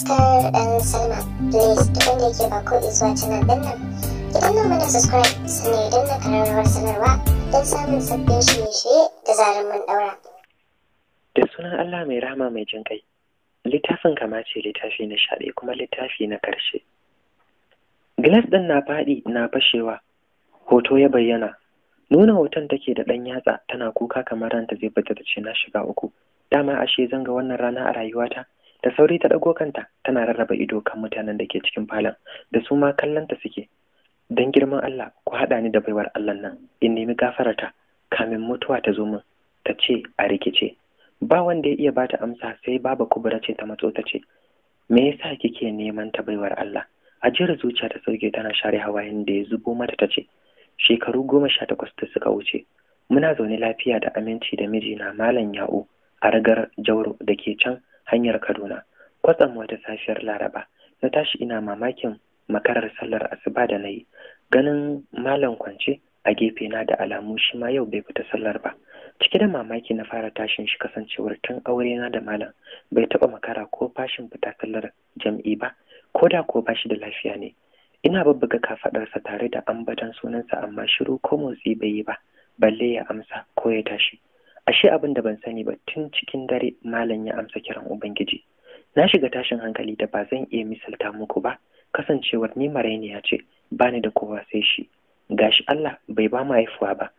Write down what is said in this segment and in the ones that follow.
star and salma please idan da ke bako zuwa canal din nan ki danna mana subscribe sannan idan na kararrawar sanarwa don samun sabbin shirye-shirye da zarar mun daura da sunan allah mai rama mai jin kai littafin kama ce littafi na shaɗe kuma littafi na ƙarshe. gilas ɗin na faɗi na fashewa hoto ya bayyana nuna hoton take da ɗan yatsa tana kuka kamar ranta zai fita ta ce na shiga uku dama ashe zanga wannan rana a rayuwata da sauri ta ɗago kanta tana rarraba ido kan mutanen da ke cikin falon da su ma kallonta suke don girman Allah ku haɗa ni da baiwar Allah nan in nemi gafararta kamin mutuwa ta zo min ta ce a rikice ba wanda ya iya bata amsa sai baba kubura ce ta matso ta ce me yasa kike neman ta baiwar Allah a jira zuciya ta sauke tana share hawayen da ya zubo mata ta ce shekaru goma sha takwas da suka wuce muna zaune lafiya da aminci da mijina malam ya'u a ragar jauro da ke can hanyar Kaduna. Kwatsam wata safiyar Laraba na tashi ina mamakin makarar sallar asuba da na yi. Ganin malam kwance a gefe na da alamu shi ma yau bai fita sallar ba. Cike da mamaki na fara tashin shi kasancewar tun aure na da malam bai taɓa makara ko fashin fita sallar jam'i ba ko da ko bashi da lafiya ne. Ina babbaga kafaɗarsa tare da ambaton sunansa amma shiru ko motsi bai yi ba balle ya amsa ko ya tashi. ashe abin da ban sani ba tun cikin dare malam ya amsa kiran ubangiji na shiga tashin hankali da ba zan iya misalta muku ba kasancewar ni marainiya ce bani da kowa sai shi gashi Allah bai ba mu haifuwa ba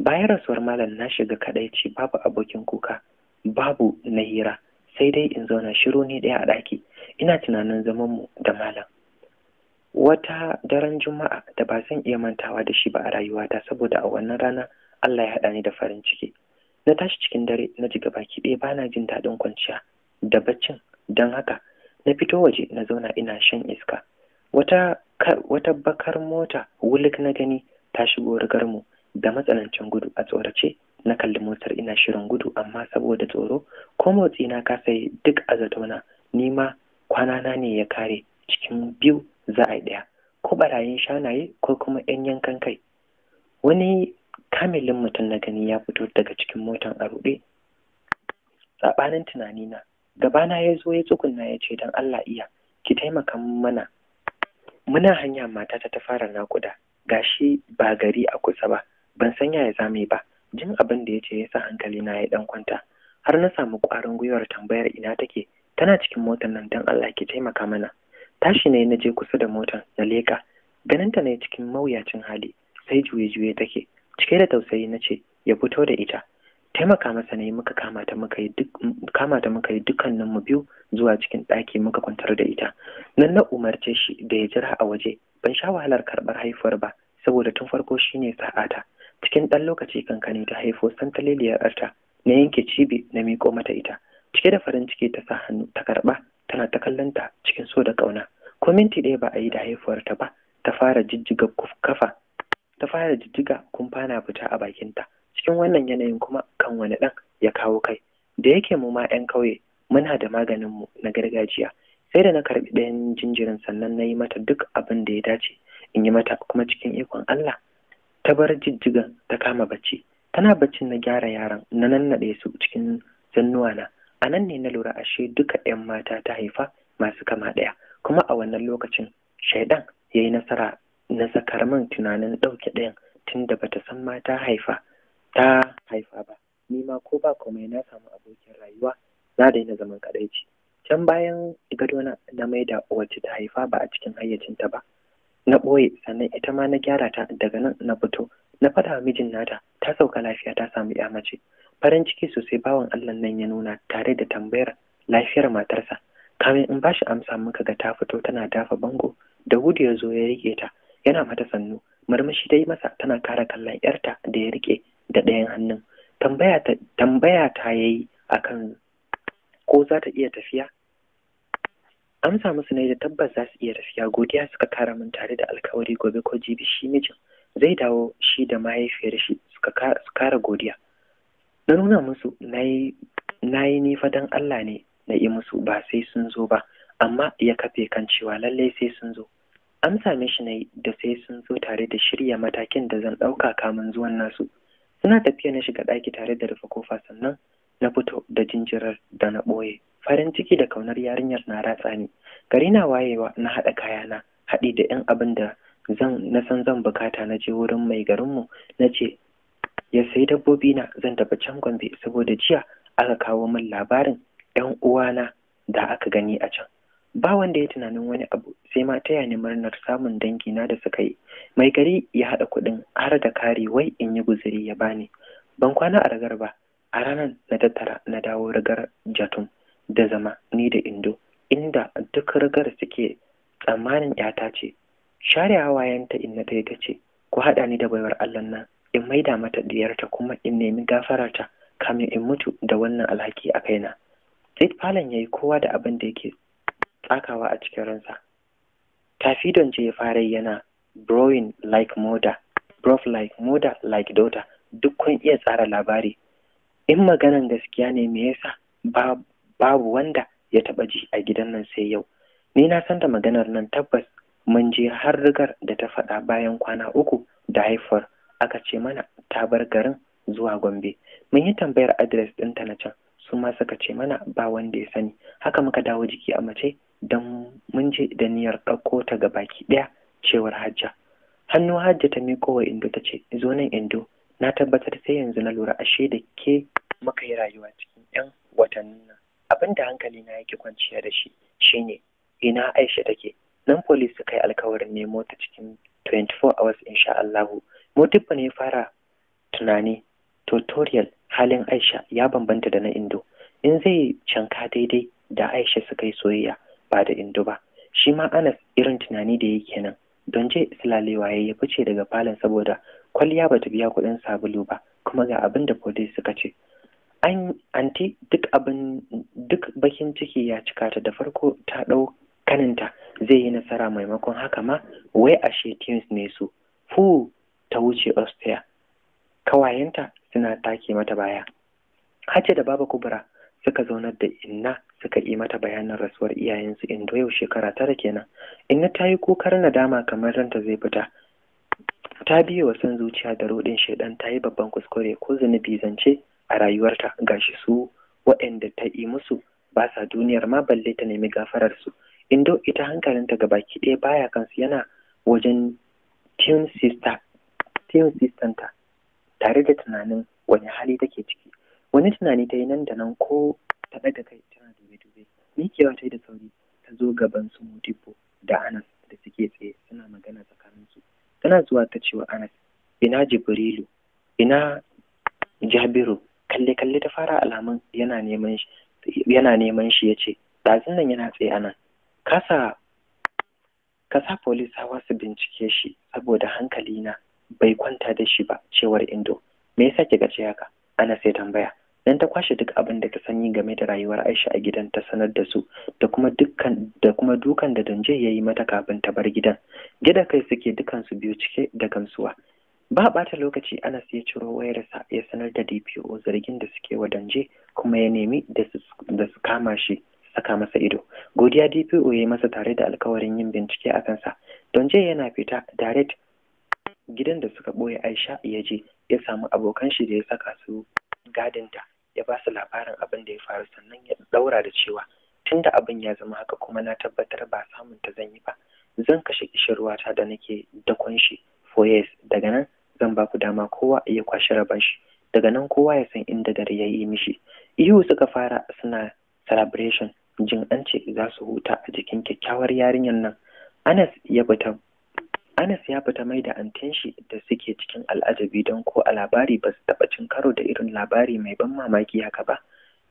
bayan rasuwar malam na shiga kadaici babu abokin kuka babu na hira sai dai in zauna shiru ne daya a ɗaki ina tunanin zaman mu da malam wata daren juma'a da ba zan iya mantawa da shi ba a rayuwata saboda a wannan rana Allah ya haɗa ni da farin ciki na tashi cikin dare na ji gabaki ɗaya bana jin daɗin kwanciya da baccin don haka na fito waje na zauna ina shan iska wata wata bakar mota wulik na gani ta shigo rigar mu da matsanancin gudu a tsorace na kalli motar ina shirin gudu amma saboda tsoro ko motsi na ka duk a zatona ni ma kwanana ne ya kare cikin biyu za a yi ɗaya ko barayin shanaye ko kuma 'yan yankan kai wani kamilin mutum na gani ya fito daga cikin motan a ruɗe tsabanin tunani na gabana ya zo ya tsugunna ya ce don allah iya ki taimaka mana muna hanya matata ta fara nakuda gashi ba gari a kusa ba ban san yaya za ba jin abin da ya ce ya sa hankali na ya dan kwanta har na samu ƙwarin gwiwar tambayar ina take tana cikin motar nan don allah ki taimaka mana tashi ne na je kusa da motar na leƙa ganinta ne cikin mawuyacin hali sai juye-juye take cike da tausayi na ce ya fito da ita taimaka masa ne muka kama muka yi duk dukkanin mu biyu zuwa cikin ɗaki muka kwantar da ita nan na umarce shi da ya jira a waje ban sha wahalar karɓar haifuwar ba saboda tun farko shine sa'ata cikin ɗan lokaci kankani ta haifo santaleliyar arta na yanke cibi na miƙo mata ita cike da farin ciki ta sa hannu ta karɓa tana ta kallon ta cikin so da ƙauna ko minti ɗaya ba a yi da haifuwar ta ba ta fara jijjiga kafa ta fara jijjiga kun fana fita a bakinta cikin wannan yanayin kuma kan wani ɗan ya kawo kai da yake mu ma 'yan kauye muna da maganin mu na gargajiya sai da na karɓi ɗayan jinjirin sannan na yi mata duk abin da ya dace in yi mata kuma cikin ikon Allah ta bar jijjigan ta kama bacci tana baccin na gyara yaran na nannaɗe su cikin zannuwana a nan ne na lura ashe duka 'yan mata ta haifa masu kama ɗaya kuma a wannan lokacin shaidan ya yi nasara na sakar man tunanin ɗauke ɗayan tunda bata san ma ta haifa ta haifa ba ni ma ko ba komai na samu abokin rayuwa na na zaman kadaici can bayan gadona na maida wacce ta haifa ba a cikin hayyacinta ba na ɓoye sannan ita ma na gyara ta daga nan na fito na faɗa mijin nata ta sauka lafiya ta samu ya mace farin ciki sosai bawan allah nan ya nuna tare da tambayar lafiyar matarsa kamin in bashi amsa muka ga ta fito tana dafa bango da wudu ya zo ya rike ta yana mata sannu marmashi dai masa tana kara kallon yarta da ya rike da ɗayan hannun tambaya ta tambaya a yayi akan ko za ta iya tafiya amsa musu ne da tabbas za su iya tafiya godiya suka kara min tare da alkawari gobe ko jibi shi mijin zai dawo shi da mahaifiyar shi suka kara godiya na nuna musu na yi nifa don Allah ne na yi musu ba sai sun zo ba amma ya kafe kan cewa lallai sai sun zo amsa mishi na da sai sun zo tare da shirya matakin da zan ɗauka kamun zuwan nasu suna tafiya na shiga ɗaki tare da rufe kofa sannan na fito da jinjirar da na ɓoye farin ciki da kaunar yarinyar na ratsa ni gari na wayewa na haɗa kayana haɗi da 'yan abin da zan na san zan bukata na je wurin mai garinmu na ce ya sai dabbobi na zan tafi can gombe saboda jiya aka kawo min labarin 'yan uwana da aka gani a can ba wanda ya tunanin wani abu sai ma taya ni murnar samun dangi na da suka yi mai gari ya haɗa kuɗin har da kari wai in yi guzuri ya bani ban kwana a ragar ba a ranar na tattara na dawo ragar jatun da zama ni da indo inda duk ragar suke tsammanin yata ce share hawayenta in na ta ce ku haɗa ni da baiwar allon nan in maida mata diyarta kuma in nemi gafararta kamin in mutu da wannan alhaki a kaina Sid falon ya yi kowa da abin da yake tsakawa a cikin ransa tafi don ce ya fara yana broin like mother Brof like mother like daughter duk kun iya tsara labari in maganan gaskiya ne me yasa babu wanda ya taɓa ji a gidan nan sai yau ni na san da maganar nan tabbas mun je har rigar da ta faɗa bayan kwana uku da haifar aka ce mana ta bar garin zuwa gombe mun yi tambayar adres ɗinta na can Suma ma suka ce mana ba wanda ya sani haka muka dawo jiki a mace don mun je da niyyar ɗauko ta ga baki ɗaya cewar hajja hannu hajja ta miƙo wa indo ta ce zo nan indo na tabbatar sai yanzu na lura ashe da ke maka yi rayuwa cikin yan watannin nan abin da hankali na yake kwanciya da shi shine ina aisha take nan police suka yi alkawarin nemo ta cikin 24 hours insha Allahu Mutubba ne fara tunani tutorial halin Aisha ya bambanta da na Indo in zai canka daidai da Aisha suka yi soyayya ba da indo ba shi ma anas irin tunani da yake nan don je silalewaye ya yi fice daga falon saboda kwalliya bata biya kuɗin sabulu ba kuma ga abin da police suka ce an anti duk abin duk bakin ciki ya cika ta da farko ta ɗau kaninta zai yi nasara maimakon haka ma wai ashetins teams ne su fu ta wuce austria kawayenta suna take mata baya hace da baba kubra suka zaunar da inna suka yi mata bayanin rasuwar iyayensu indo yau shekara tara kenan In na tayi kokar nadama kamar ranta zai fita ta biye wa son zuciya da roɗin shaidan ta yi babban kuskure ko zunubi zance a rayuwarta gashi su waɗanda ta yi musu ba sa duniyar ma balle ta nemi gafarar su indo ita hankalinta ga baki ɗaya baya kansu yana wajen tune sister ta tare da tunanin wani hali take ciki wani tunani ta yi nan da nan ko ta ɗaga kai tana dube-dube ta yi da sauri ta zo gaban su mutibo da anas da suke tsaye suna magana tsakanin su tana zuwa ta cewa anas ina jibrilu ina jabiru kalle kalle ta fara alamun yana neman shi yana neman shi ya ce ɗazun nan yana tsaye anan kasa kasa polis hawa su bincike shi saboda hankali na bai kwanta da shi ba cewar indo me yasa ki ce haka ana sai tambaya dan ta kwashe duk abin da ta sani game da rayuwar Aisha a gidan ta sanar da su da kuma dukkan da kuma dukan da Danje yayi mata kafin ta bar gidan gida kai suke dukan su biyu cike da gamsuwa ba bata lokaci Anas ya ciro wayar sa ya sanar da DPO zargin da suke wa Danje kuma ya nemi da su da kama shi saka masa ido godiya DPO yayi masa tare da alkawarin yin bincike a kansa Danje yana fita direct gidan da suka boye Aisha ya je ya samu abokan shi da ya saka su gadinta faru sannan ya daura da cewa tunda abin ya zama haka kuma na tabbatar ba samun ta zan yi ba zan kashe kishirwata da nake dakon shi for years daga nan zan ba ku dama kowa ya kwashe raban shi daga nan kowa ya san inda dare ya yi mishi ihu suka fara suna celebration jin an ce za su huta a jikin kyakkyawar yarinyar nan anas ya fita anas ya fita mai da antin shi da suke cikin al'ajabi don ko a labari ba su taɓa cin karo da irin labari mai ban mamaki haka ba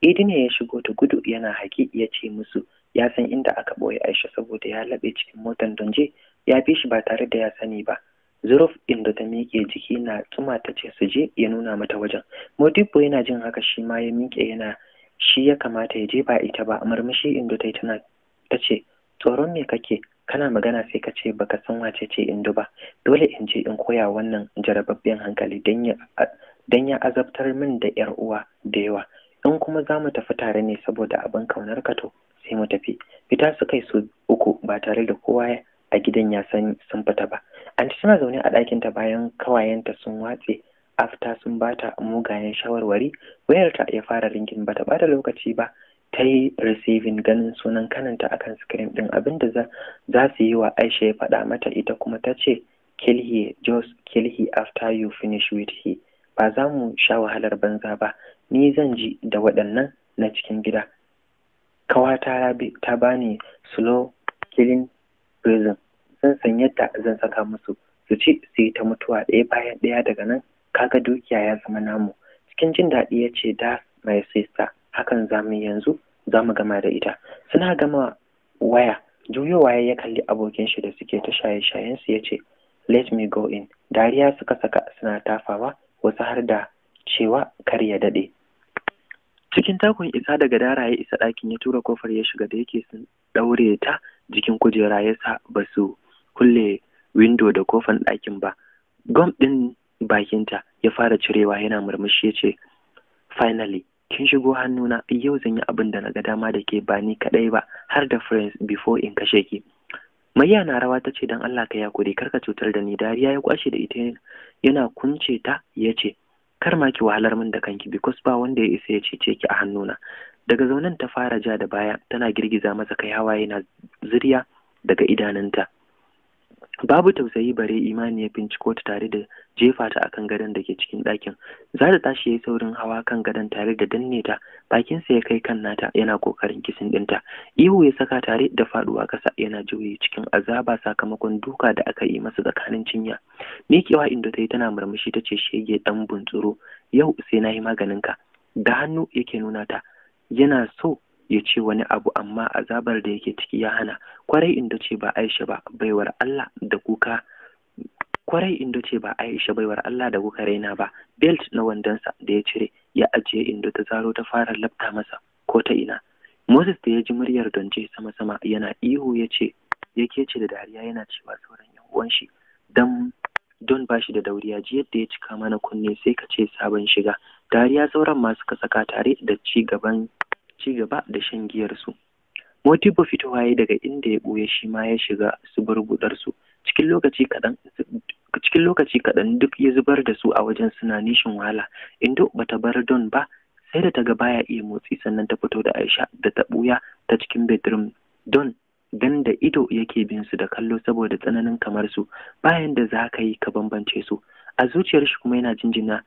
idi ya shigo ta gudu yana haƙi ya ce musu ya san inda aka ɓoye aisha saboda ya laɓe cikin motar je ya fi shi ba tare da ya sani ba zuruf inda ta miƙe jiki na tsuma ta ce su je ya nuna mata wajen modibbo yana jin haka shi ma ya miƙe yana shi ya kamata ya je ba ita ba murmushi inda ta yi tana ta ce tsoron me kake kana magana sai ka ce baka san wace ce indo ba dole in je in koya wannan jarababben hankali don ya azabtar min da yar uwa da yawa in kuma za mu tafi tare ne saboda abin kaunar ka to sai mu tafi fita su kai su uku ba tare da kowa a gidan ya san sun fita ba anti tana zaune a ɗakinta bayan kawayenta sun watse afta sun bata mugayen shawarwari wayarta ya fara ringin ta bata lokaci ba ta yi receiving ganin sunan kananta akan screen ɗin abin da za su yi wa Aisha ya faɗa mata ita kuma ta ce kill he just kill he after you finish with he ba za mu sha wahalar banza ba ni zan ji da waɗannan na cikin gida kawata ta bani slow killing prison zan san yadda zan saka musu su ci su yi ta mutuwa ɗaya bayan ɗaya daga nan kaga dukiya ya zama namu cikin jin daɗi ya ce da mai sister hakan za mu yanzu za mu gama da ita suna gama waya juyowa ya kalli abokin shi da suke ta shaye-shayen su ya ce let me go in dariya suka saka suna tafawa wasu har da cewa kar ya daɗe cikin takun isa daga dara ya isa ɗakin ya tura kofar ya shiga da yake sun ɗaure ta jikin kujera ya sa ba su kulle windo da kofan ɗakin ba gom ɗin bakinta ya fara cirewa yana murmushi ya ce finally kin shigo hannuna yau zan yi abin da na ga dama da ke ba ni kaɗai ba har da friends before in kashe ki Maiya na rawa ta ce don Allah ka yakuri karka cutar da ni dariya ya kwashe da ita yana kunce ta ya ce kar ma ki wahalar min da kanki because ba wanda ya isa ya cece ki a hannuna daga zaunen ta fara ja da baya tana girgiza masa kai hawaye na zirya daga idanunta babu tausayi bare imani ya binciko ta tare da jefa ta akan gadon da ke cikin ɗakin za ta tashi ya yi saurin hawa kan gadon tare da danne ta bakinsa ya kai kan nata yana kokarin kisin ɗinta ihu ya saka tare da faɗuwa ƙasa yana juyi cikin azaba sakamakon duka da aka yi masa tsakanin cinya miƙewa inda ta yi tana murmushi ta ce shege ɗan buntsuro yau sai na yi maganin ka. da hannu yake nuna ta yana so ya ce wani abu amma azabar da yake ciki ya hana kwarai indo ce ba aisha ba baiwar allah da kuka kwarai inda ce ba aisha baiwar allah da kuka raina ba belt na wandonsa da ya cire ya ajiye inda ta zaro ta fara labta masa ko ta ina moses da ya ji muryar donje sama sama yana ihu ya ce ce da dariya yana cewa sauran yan uwan shi dan don ba shi da dauriya ji yadda ya cika mana kunne sai ka ce sabon shiga dariya sauran masu kasaka saka tare da ci gaban ci gaba da shan giyarsu motibo fitowa ya daga inda ya ɓuya shi ma ya shiga su burbuɗarsu cikin lokaci kaɗan cikin lokaci kaɗan duk ya zubar da su a wajen suna nishin wahala indo bata bar don ba sai da ta ga baya iya motsi sannan ta fito da aisha da ta ɓuya ta cikin bedroom don dan da ido yake bin su da kallo saboda tsananin kamar su bayan da za ka yi ka bambance su a zuciyar shi kuma yana jinjina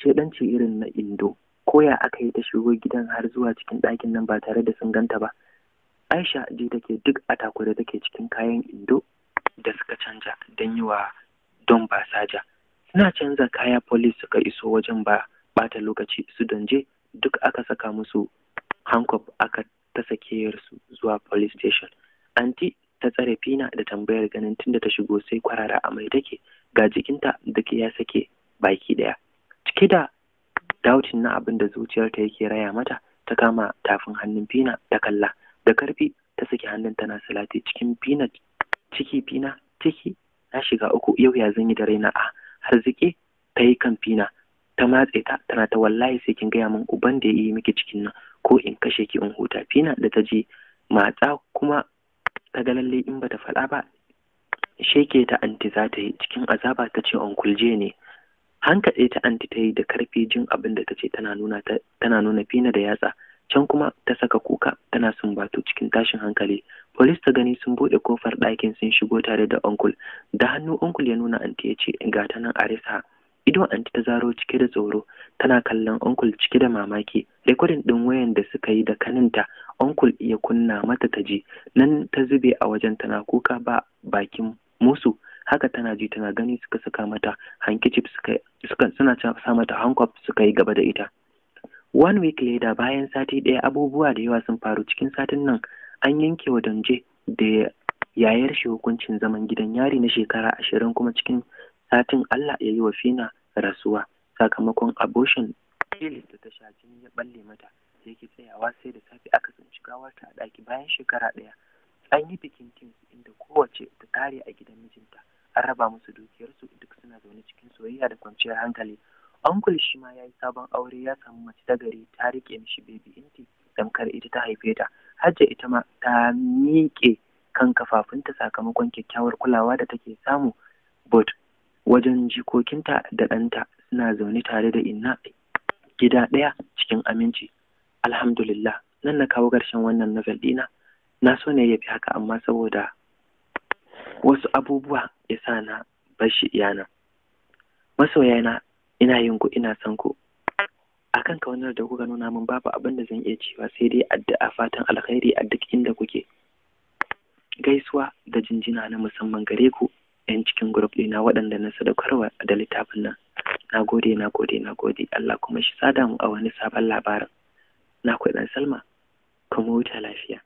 shaidanci irin na indo koya aka yi ta shigo gidan har zuwa cikin ɗakin nan ba tare da sun ganta ba aisha ji take duk a takure take cikin kayan indo da suka canja don yi wa don ba saja suna canza kaya polis suka iso wajen ba bata lokaci su donje duk aka saka musu hankop aka ta sake yarsu zuwa police station anti ta tsare fina da tambayar ganin tunda ta shigo sai kwarara a mai take ga jikinta da ya sake baki daya cike da dautin na abin da zuciyarta yake raya mata ta kama tafin hannun fina ta kalla da karfi ta saki hannun tana salati cikin fina ciki fina ciki na shiga uku yau ya zanyi da raina a harzike ta yi kan fina ta matse ta tana ta wallahi sai kin gaya min uban da ya yi miki cikin nan ko in kashe ki in huta fina da ta je matsa kuma ta ga lalle in bata faɗa ba sheke ta anti za ta yi cikin azaba ta ce on ne hankaɗe ta anti ta yi da karfi jin abin da ta ce tana nuna fina da yatsa can kuma ta saka kuka tana sumbato cikin tashin hankali polis ta gani sun buɗe kofar ɗakin sun shigo tare da onkul da hannu onkul ya nuna anti ya ce ga ta nan arisa ido anti ta zaro cike da tsoro tana kallon onkul cike da mamaki rekodin ɗin wayan da suka yi da kaninta onkul ya kunna mata ta ji nan ta zube a wajen tana kuka ba bakin musu haka tana ji tana gani suka saka mata hankicif suka suna sa mata hankwaf suka yi gaba da ita one week later bayan sati ɗaya abubuwa da yawa sun faru cikin satin nan an yanke wa danje da yayar shi hukuncin zaman gidan yari na shekara ashirin kuma cikin satin allah ya yi wa fina rasuwa sakamakon abortion da ta sha jini ya balle mata da yake tsayawa sai da safe aka tsinci gawarta a ɗaki bayan shekara ɗaya an yi bikin teams inda kowace ta tare a gidan mijinta an raba musu dukiyarsu duk suna zaune cikin soyayya da kwanciyar hankali Ankul shi ma ya yi sabon aure ya samu mace ta gari ta riƙe mishi bebi inti damkar ita ta haife ta. Hajja ita ma ta miƙe kan kafafunta sakamakon kyakkyawar kulawa da take samu bot wajen jikokinta da ɗanta suna zaune tare da inna gida ɗaya cikin aminci. Alhamdulillah nan na kawo ƙarshen wannan novel ɗina. Na so ne ya fi haka amma saboda wasu abubuwa ya sa na bashi iyana na, ina yin ku ina son ku akan kaunar da kuka nuna min babu abin da zan iya cewa sai dai addu'a fatan alkhairi a duk inda kuke gaisuwa da jinjina na musamman gare ku yan cikin grup ɗina waɗanda na sadaukarwa da littafin nan na gode na gode na gode Allah kuma shi sada mu a wani sabon labarin na kuɗin salma kuma wuta lafiya